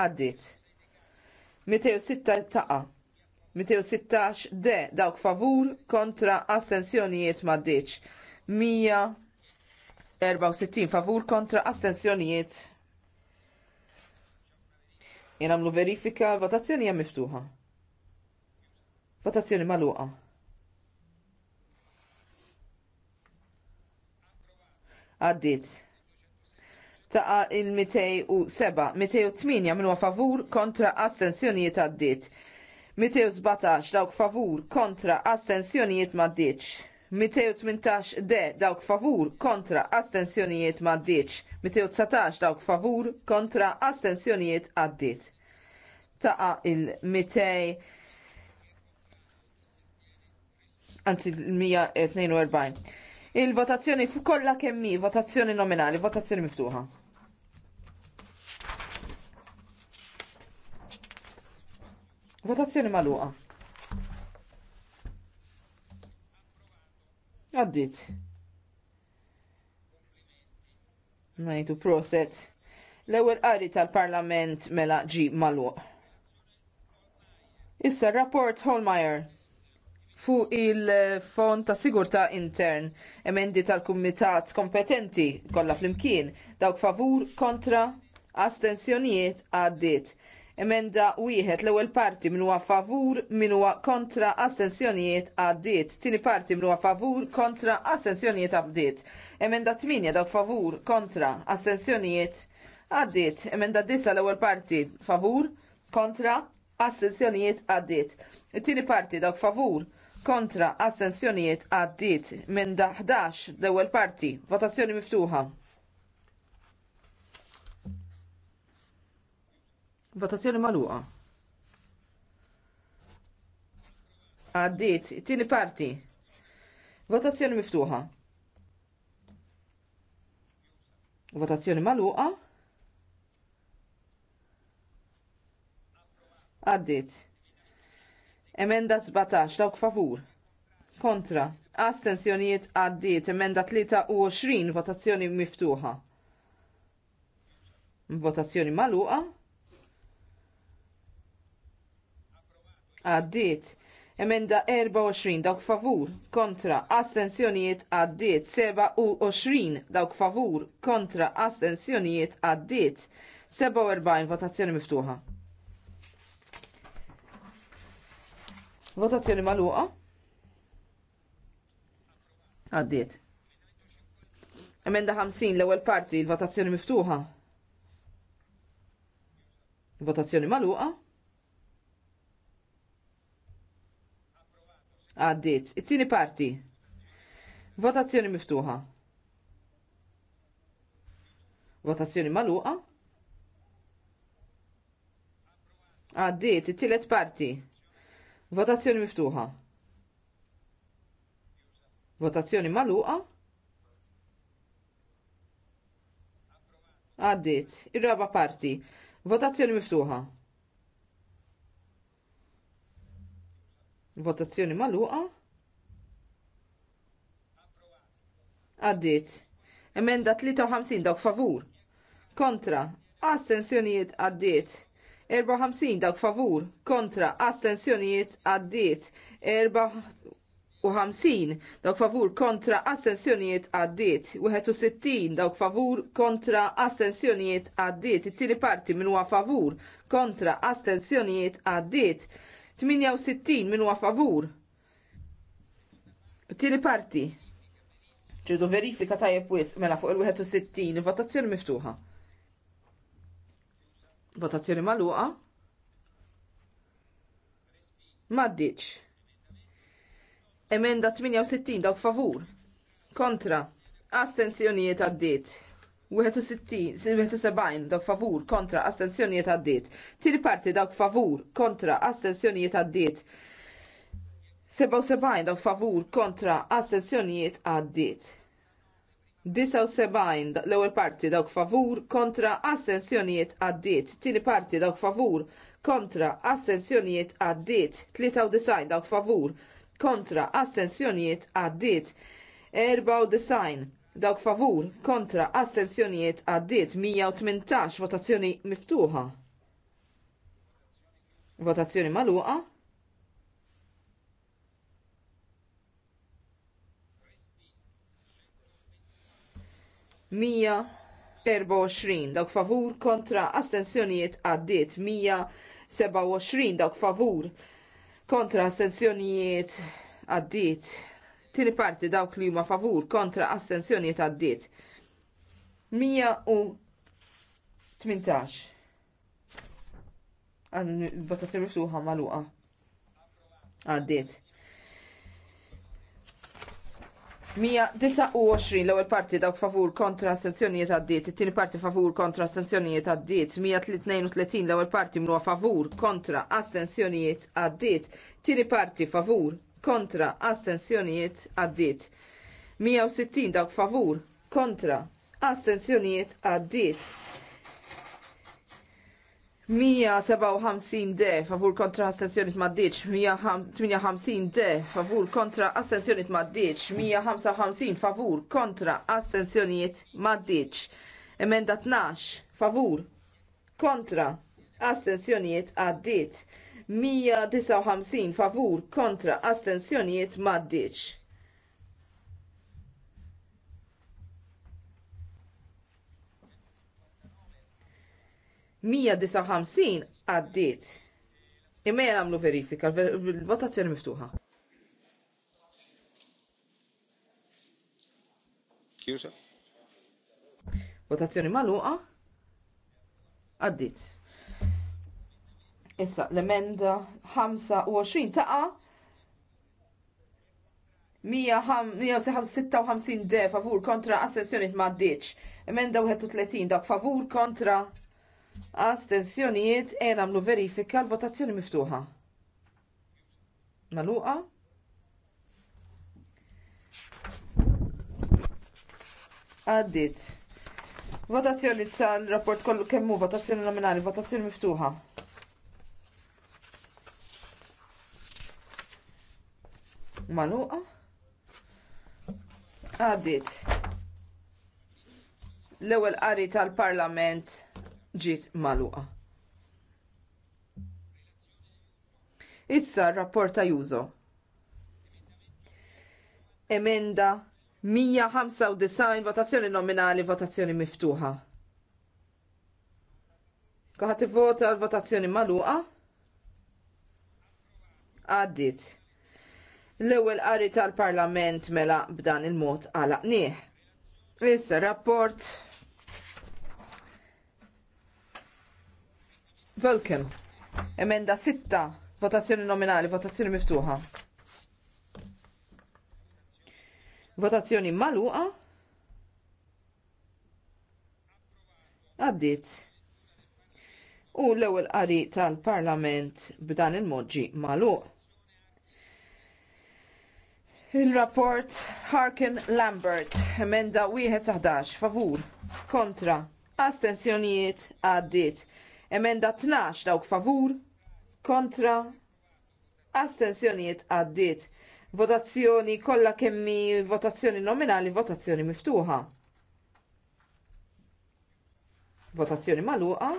għaddit. 206 taqa. 216 de dawk favur kontra astensjonijiet maddiċ. 164 favur kontra astensjonijiet. Jien għamlu verifika, votazzjoni hija miftuħa. Votazzjoni magħluqa. Għaddit ta' il-207, 208 minnu favur kontra astensjonijiet għaddit. 217 dawk favur kontra astensjonijiet maddiċ. 218 de dawk favur kontra astensjonijiet maddiċ. 219 dawk favur kontra astensjonijiet għaddit. Ta' il-200 anzi il-142. E Il-votazzjoni fu kollha kemmi, votazzjoni nominali, votazzjoni miftuħa. Votazzjoni maluqa. Għaddit. Ngħidu proset. L-ewwel qari tal-Parlament mela ġi maluq. Issa rapport Holmeyer fuq il-fond ta' Sigurta' intern emendi tal-kumitat kompetenti kollha flimkien dawk favur kontra astensjonijiet għaddiet. Emenda wieħed l-ewwel parti min huwa favur min huwa kontra astensjonijiet għaddiet. Tieni parti min huwa favur kontra astensjonijiet għaddiet. Emenda 8 dawk favur kontra astensjonijiet għaddiet. Emenda 9 l-ewwel parti favur kontra astensjonijiet għaddiet. It-tieni parti dawk favur kontra astensjonijiet għaddiet Emenda 11 l-ewwel parti votazzjoni miftuħa. Votazzjoni magħluqa. Għaddit, tieni parti. Votazzjoni miftuħa. Votazzjoni magħluqa. Għaddit. Emenda 17, dawk favur. Kontra. astenzjonijiet għaddiet. Emenda 23, votazzjoni miftuħa. Votazzjoni maluqa. għaddiet. Emenda 24 dawk favur kontra astensjonijiet għaddiet. 27 dawk favur kontra astensjonijiet għaddiet. 47 votazzjoni miftuħa. Votazzjoni magħluqa? Għaddiet. Emenda 50 l-ewwel parti il votazzjoni miftuħa. Votazzjoni magħluqa? Għaddit. It-tieni parti. Votazzjoni miftuħa. Votazzjoni maluqa. Għaddit. It-tielet parti. Votazzjoni miftuħa. Votazzjoni maluqa. Għaddit. Ir-raba parti. Votazzjoni miftuħa. Votazzjoni magħluqa. Għaddit. Emenda 53 dawk favur. Kontra. Astensjonijiet għaddit. 54 dawk favur. Kontra. Astensjonijiet għaddit. 54 dawk favur kontra astensjonijiet għaddit. 61 dawk favur kontra astensjonijiet għaddit. It-tieni parti minn huwa favur kontra astensjonijiet għaddit. 68 min huwa favur. Tieni parti. Ġidu verifika tajjeb wisq mela fuq il-61 votazzjoni miftuħa. Votazzjoni magħluqa. Maddiċ. Emenda 68 dawk favur. Kontra. Astenzjonijiet għaddiet. 61 dawk favur kontra astenzjonijiet għaddiet. Tieni parti dawk favur kontra astenzjonijiet għaddiet. 77 dawk favur kontra astenzjonijiet għaddiet. 79 l-ewwel parti dawk favur kontra astenzjonijiet għaddiet. Tieni parti dawk favur kontra astenzjonijiet għaddiet. 93 dawk favur kontra astenzjonijiet għaddiet. 94 dawk favur kontra astenzjonijiet għaddiet 118 votazzjoni miftuħa. Votazzjoni magħluqa. Mija 24 dawk favur kontra astenzjonijiet għaddiet 127 dawk favur kontra astenzjonijiet għaddiet Tieni parti dawk li huma favur kontra d għaddiet. 118. Għan votazzjoni mifsuħa magħluqa. Għaddit. 129 l-ewwel parti dawk favur kontra astenzjonijiet għaddiet, it-tieni parti favur kontra astenzjonijiet għaddiet, 132 l-ewwel parti mruha favur kontra astenzjonijiet għaddiet, tieni parti favur kontra astensjonijiet għaddiet. 160 dawk favur kontra astensjonijiet għaddiet. 157 de favur kontra astensjoniet maddiċ, 158 de favur kontra astensjoniet maddiċ, 155 favur kontra astensjoniet maddiċ, emenda 12 favur kontra astensjoniet għaddiet. 159 favur kontra astensjonijiet maddiċ. Mija disa għaddit. Imma jgħan għamlu verifika, l-votazzjoni miftuħa. Kjusa? Votazzjoni maluqa? Għaddit. Issa l-emenda 25 taqa 156 de favur kontra astensjoniet ma ddiċ. Emenda 31 dak favur kontra astensjoniet e namlu verifika l-votazzjoni miftuħa. Maluqa? Għaddit. Votazzjoni tal-rapport kollu kemmu, votazzjoni nominali, votazzjoni miftuħa. Maluqa. Għaddit. L-ewwel qari tal-Parlament ġiet maluqa. Issa r-rapport ta' jużo. Emenda 195 votazzjoni nominali, votazzjoni miftuħa. Kuħat vota l-votazzjoni maluqa? Għaddit l-ewwel qari tal-Parlament mela b'dan il-mod nieħ. Issa rapport Welcome. Emenda 6. Votazzjoni nominali, votazzjoni miftuħa. Votazzjoni maluqa. Għaddit. U l-ewwel qari tal-Parlament b'dan il modġi maluqa. Il-rapport Harkin Lambert, emenda 11, favur, kontra, astensjonijiet għaddit. Emenda 12 dawk favur, kontra, astensjonijiet għaddit. Votazzjoni kollha kemmi votazzjoni nominali, votazzjoni miftuħa. Votazzjoni magħluqa.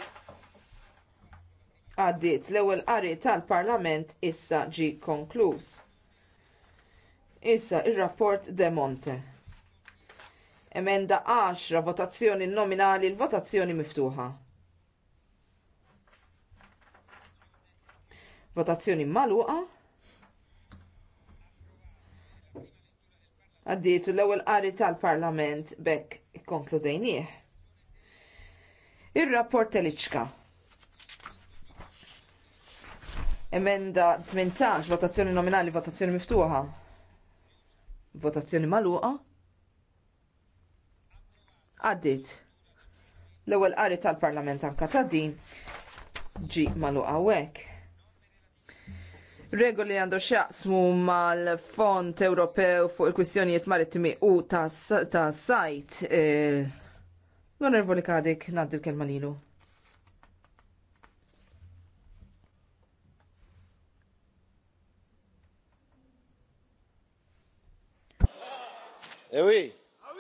Għaddit l-ewwel qari tal-Parlament issa ġie konkluż. Issa ir-rapport De Monte. Emenda 10 votazzjoni nominali l-votazzjoni miftuħa. Votazzjoni maluqa. Għaddietu l-ewwel qari tal-Parlament bekk ikkonkludejnieh. Ir-rapport Teliċka. Emenda 18, votazzjoni nominali, votazzjoni miftuħa. Votazzjoni magħluqa. Għaddit. L-ewwel qari tal-Parlament anka ta' din ġi maluqa wek. Regoli għandu xaqsmu mal-Fond Ewropew fuq il-kwistjonijiet marittimi u ta' sajt. Eh, Non-nervoli kadik naddi kelma lilu. Eh ah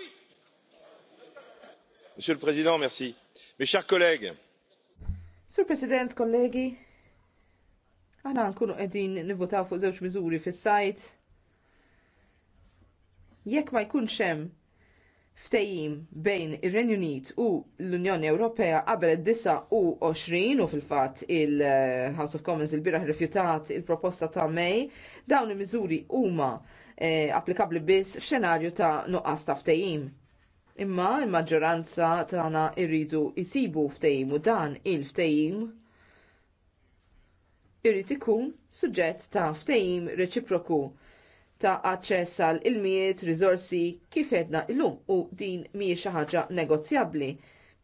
Monsieur le Président, merci. Mes chers collègues. Sur President, kollegi, aħna nkunu qegħdin nivvotaw fuq żewġ miżuri fis-sajt. Jekk ma jkunx hemm ftehim bejn ir-Renju Unit u l-Unjoni Ewropea qabel id-29 u fil-fatt il-House of Commons il bieraħ rifjutat il-proposta ta' May, dawn il-miżuri huma E, applikabbli biss f'xenarju ta' nuqqas ta' ftehim. Imma l-maġġoranza tagħna rridu jsibu ftehim u dan il-ftehim irrid ikun suġġett ta' ftehim reċiproku ta' aċċess għal ilmijiet, riżorsi kif edna illum u din mhijiex xi ħaġa negozjabbli.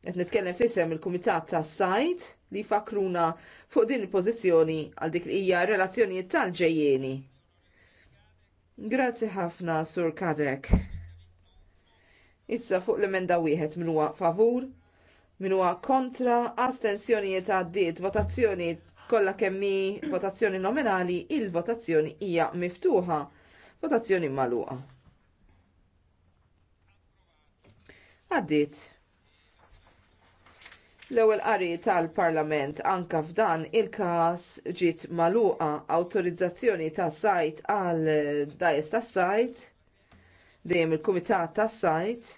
Qed nitkellem fisem il-Kumitat tas-Sajt li fakruna fuq din il-pożizzjoni għal dik li hija relazzjonijiet tal-ġejjieni Grazzi ħafna, Sur Kadek. Issa fuq l-emenda wieħed minn huwa favur, minn huwa kontra, astensjonijiet għaddiet, votazzjoni kollha kemmi votazzjoni nominali, il-votazzjoni hija miftuħa, votazzjoni magħluqa. Għaddiet. L-ewwel qari tal-Parlament anke f'dan il-każ ġiet magħluqa awtorizzazzjoni ta' sajt għal dajes tas sajt dejjem il-Kumitat tas sajt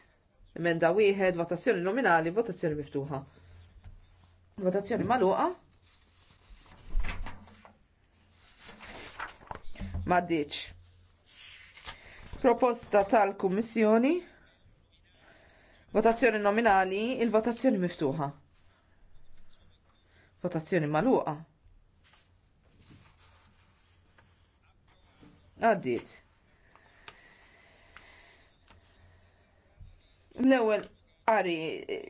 emenda wieħed votazzjoni nominali votazzjoni miftuħa. Votazzjoni magħluqa. Maddiċ. Proposta tal-Kummissjoni. Votazzjoni nominali, il-votazzjoni miftuħa. Votazzjoni magħluqa. Għaddit. L-ewwel eh,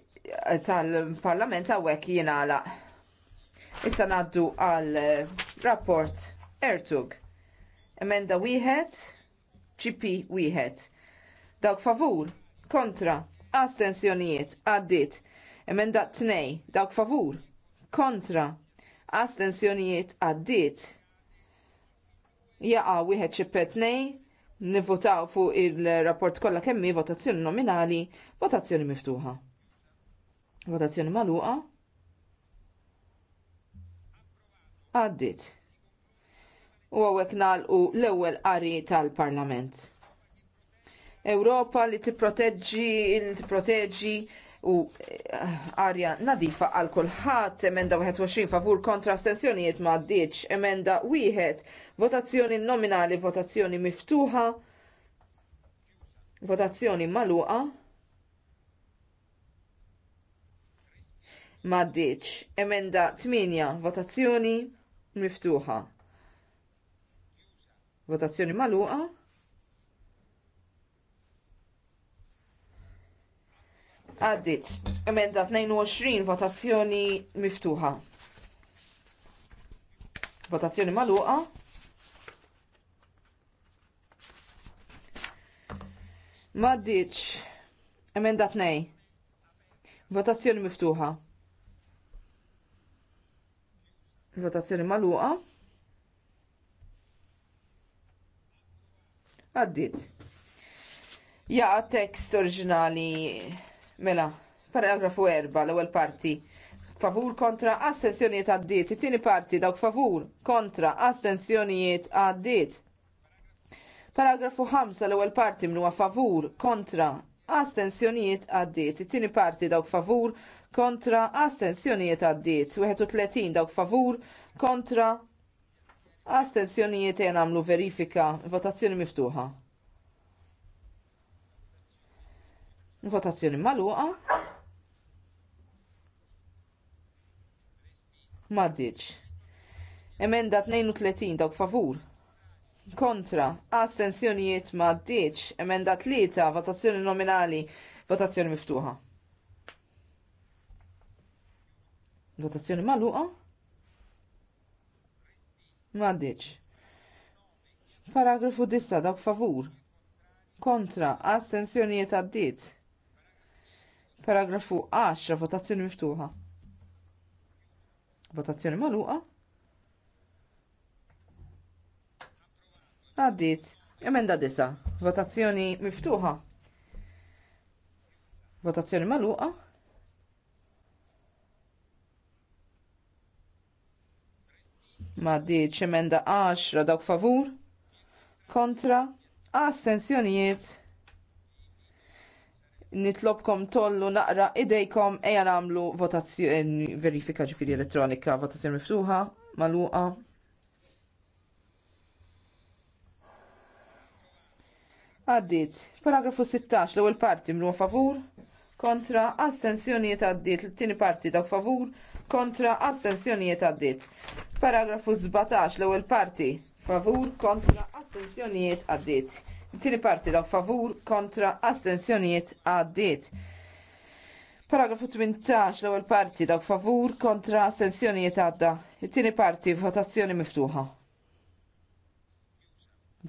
tal-Parlament hawnhekk jingħalaq. Issa ngħaddu għal eh, rapport Ertug. Emenda wieħed, GP wieħed. Dawk favur, kontra, astensjonijiet, għaddiet. Emenda tnej, dawk favur, kontra astensjonijiet għaddiet. Jaqa wieħed xippet nej, nivvotaw fuq il-rapport kollha kemmi votazzjoni nominali, votazzjoni miftuħa. Votazzjoni magħluqa. Għaddit. U għawek nagħlqu l-ewwel qari tal-Parlament. Ewropa li tipproteġġi il tipproteġġi u eh, arja nadifa għal kulħadd emenda 21 favur kontra astensjonijiet ma għaddiċ emenda wieħed votazzjoni nominali votazzjoni miftuħa votazzjoni magħluqa. ma għaddiċ emenda 8 votazzjoni miftuħa votazzjoni magħluqa. Għaddit. Emenda 22 votazzjoni miftuħa. Votazzjoni maluqa. Maddiċ. Emenda 2. Votazzjoni miftuħa. Votazzjoni maluqa. Għaddit. Ja, tekst oriġinali Mela, paragrafu 4, l-ewwel parti. Favur kontra astensjonijiet għaddit. It-tieni parti dawk favur kontra astensjonijiet għaddit. Paragrafu 5 l-ewwel parti mluwa favur kontra astensjonijiet għaddit. It-tieni parti dawk favur kontra astensjonijiet għaddit. 31 dawk favur kontra astensjonijiet jgħamlu verifika votazzjoni miftuħa. Votazzjoni magħluqa. Maddiċ. Emenda 32 dawk favur. Kontra. Astensjonijiet maddiċ. Emenda 3 votazzjoni nominali. Votazzjoni miftuħa. Votazzjoni magħluqa? Maddiċ. Paragrafu 10 dawk favur. Kontra, astensjonijiet għaddiet. Paragrafu 10, votazzjoni miftuħa. Votazzjoni magħluqa. Għaddit. Emenda disa'. Votazzjoni miftuħa. Votazzjoni magħluqa. Ma ddiċ emenda 10 dawk favur. Kontra. Astensjonijiet nitlobkom tollu naqra idejkom eja nagħmlu votazzjoni verifika ġifiri elettronika, votazzjoni miftuħa, maluqa. Għaddit, paragrafu 16, l-ewwel parti mruħ favur, kontra astensjonijiet għaddit, l-tini parti daw favur, kontra astensjonijiet għaddit. Paragrafu 17, l-ewwel parti favur, kontra astensjonijiet għaddit tiri parti daw favur kontra astensjoniet għaddiet. Paragrafu 18 l-ewwel parti dawk favur kontra astensjonijiet għadda. It-tieni parti votazzjoni miftuħa.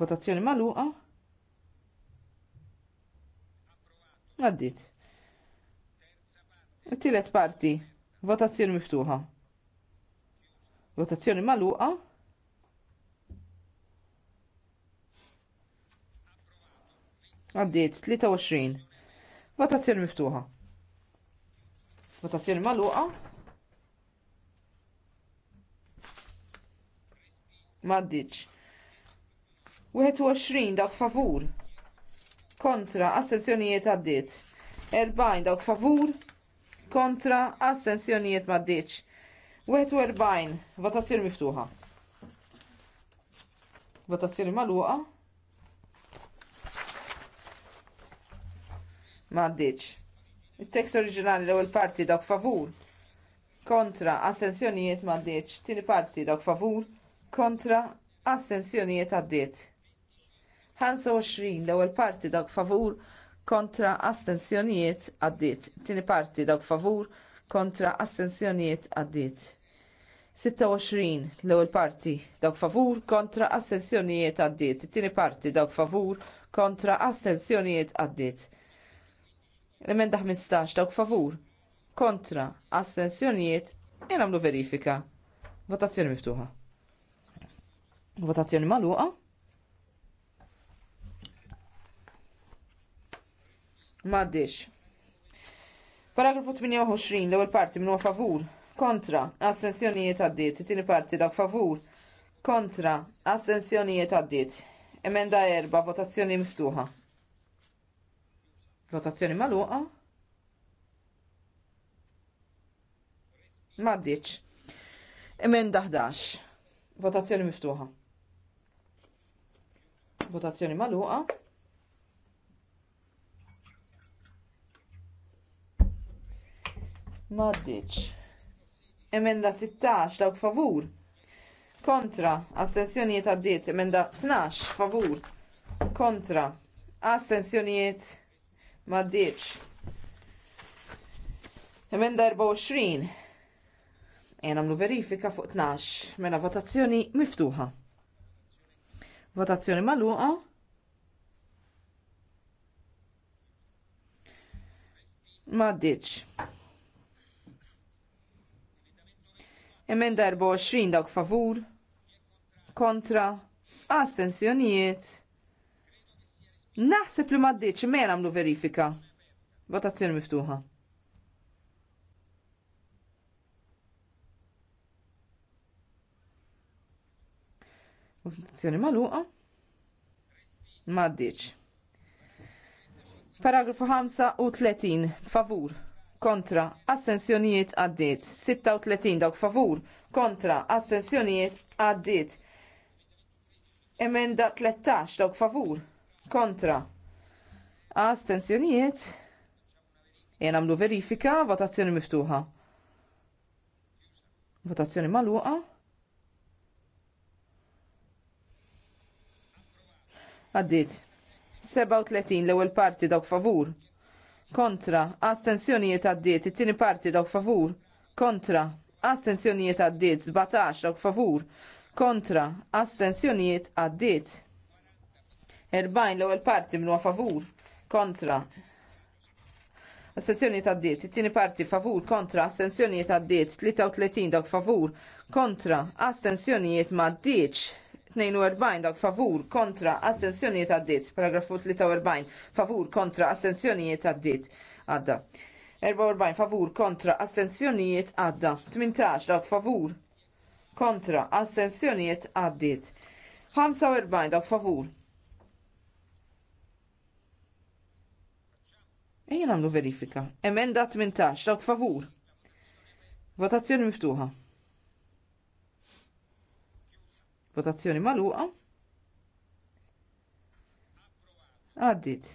Votazzjoni magħluqa. Għaddit. It-tielet parti votazzjoni miftuħa. Votazzjoni magħluqa. Għaddiet 23. Votazzjoni miftuħa. Votazzjoni magħluqa. M'għaddiċ. 21 dawk favur. Kontra astenzjonijiet għaddiet. 40 dawk favur. Kontra astenzjonijiet m'għaddiċ. 41 votazzjoni miftuħa. Votazzjoni magħluqa. għaddiċ. Il-tekst oriġinali l-ewwel parti dawk favur. Kontra astensjonijiet għaddiċ. Tieni parti dawk favur. Kontra astensjonijiet għaddiċ. 25 l-ewwel parti dawk favur kontra astensjonijiet għaddiċ. Tieni parti dawk favur kontra astensjonijiet għaddiċ. 26 l-ewwel parti dawk favur kontra astensjonijiet għaddiet. Tini parti dawk favur kontra astensjonijiet għaddiet. L-emenda 15 dawk favur. Kontra. Astensjonijiet. Jenamlu verifika. Votazzjoni miftuħa. Votazzjoni magħluqa. Maddix. Paragrafu 28, l-ewwel parti minn favur. Kontra. Astensjonijiet għaddit. it parti dawk favur. Kontra. Astensjonijiet għaddiet. Emenda erba' votazzjoni miftuħa. Votazzjoni magħluqa. maddiċ Emenda 11. Votazzjoni miftuħa. Votazzjoni magħluqa. M'għaddiċ. Emenda 16 dawk favur. Kontra, astensjonijiet għaddiet, emenda 12 favur. Kontra, astensjonijiet maddiċ. Emenda 24. Ejn għamlu verifika fuq 12. Mela votazzjoni miftuħa. Votazzjoni magħluqa. Maddiċ. Emenda 24 dawk favur. Kontra. Astensjonijiet. Naħseb li maddiċ, mejn għamlu verifika. Votazzjoni miftuħa. Votazzjoni maluqa. Maddiċ. Paragrafu 35, favur, kontra, assenzjonijiet għaddit. 36 dawk favur, kontra, assenzjonijiet għaddit. Emenda 13 dawk favur, kontra astenzjonijiet jen għamlu verifika votazzjoni miftuħa votazzjoni magħluqa Għaddit, 37 l-ewwel parti dawk favur kontra astenzjonijiet għaddiet it-tieni parti dawk favur kontra astenzjonijiet għaddit, 17 dawk favur kontra astenzjonijiet għaddiet Erbajn l-ewwel parti minnu favur kontra Astenzjoni ta' diet, it-tieni parti favur kontra astenzjoni ta' diet, 33 dak favur kontra astenzjoni ma' diet. 42 dak favur kontra astensjonijiet diet, paragrafu 43 favur kontra astensjonijiet diet, għadda. 44 favur kontra astensjonijiet għadda. 18 dak favur kontra astensjonijiet għaddit. 45 dak favur Ejja nagħmlu verifika. Emenda 18, dawk favur. Votazzjoni miftuħa. Votazzjoni magħluqa. Għaddit.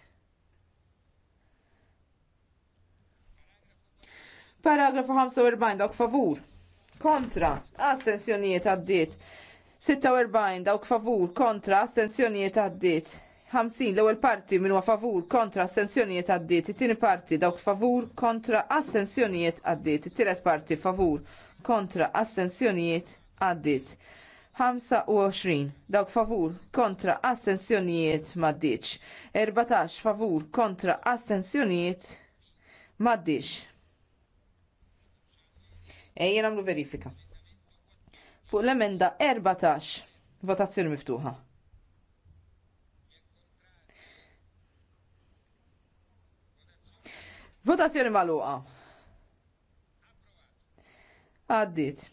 Paragrafu 45 dawk favur. Kontra. Astensjonijiet għaddit. 46 dawk favur. Kontra. Astensjonijiet għaddit. 50 l-ewwel parti minn huwa favur kontra assenzjonijiet għaddiet, it-tieni parti dawk favur kontra assenzjonijiet għaddiet, it-tielet parti favur kontra assenzjonijiet għaddiet. 25 dawk favur kontra assenzjonijiet maddiċ. 14 favur kontra assenzjonijiet maddiċ. Ejja nagħmlu verifika. Fuq l-emenda 14 votazzjoni miftuħa. Votazzjoni maluqa. Għaddit.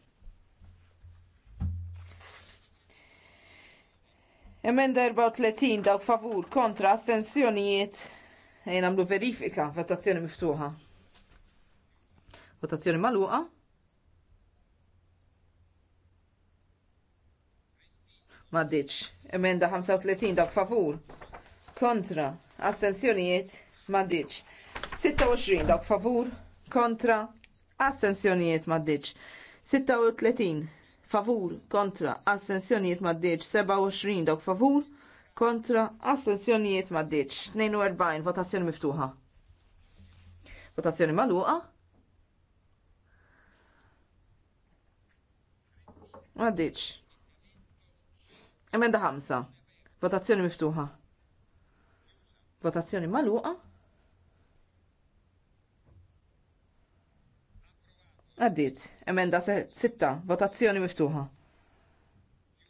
Emenda 34 dawk favur kontra astensjonijiet Ejna għamlu verifika votazzjoni miftuħa. Votazzjoni maluqa. Maddiċ. Emenda 35 dawk favur kontra astensjonijiet maddiċ. 26 dawk favur kontra astensjonijiet maddiċ. 36 favur kontra astensjonijiet maddiċ. 27 dawk favur kontra astensjonijiet maddiċ. 42 votazzjoni miftuħa. Votazzjoni maluqa. Maddiċ. Emenda 5. Votazzjoni miftuħa. Votazzjoni maluqa. Għaddit, emenda sitta, votazzjoni miftuħa.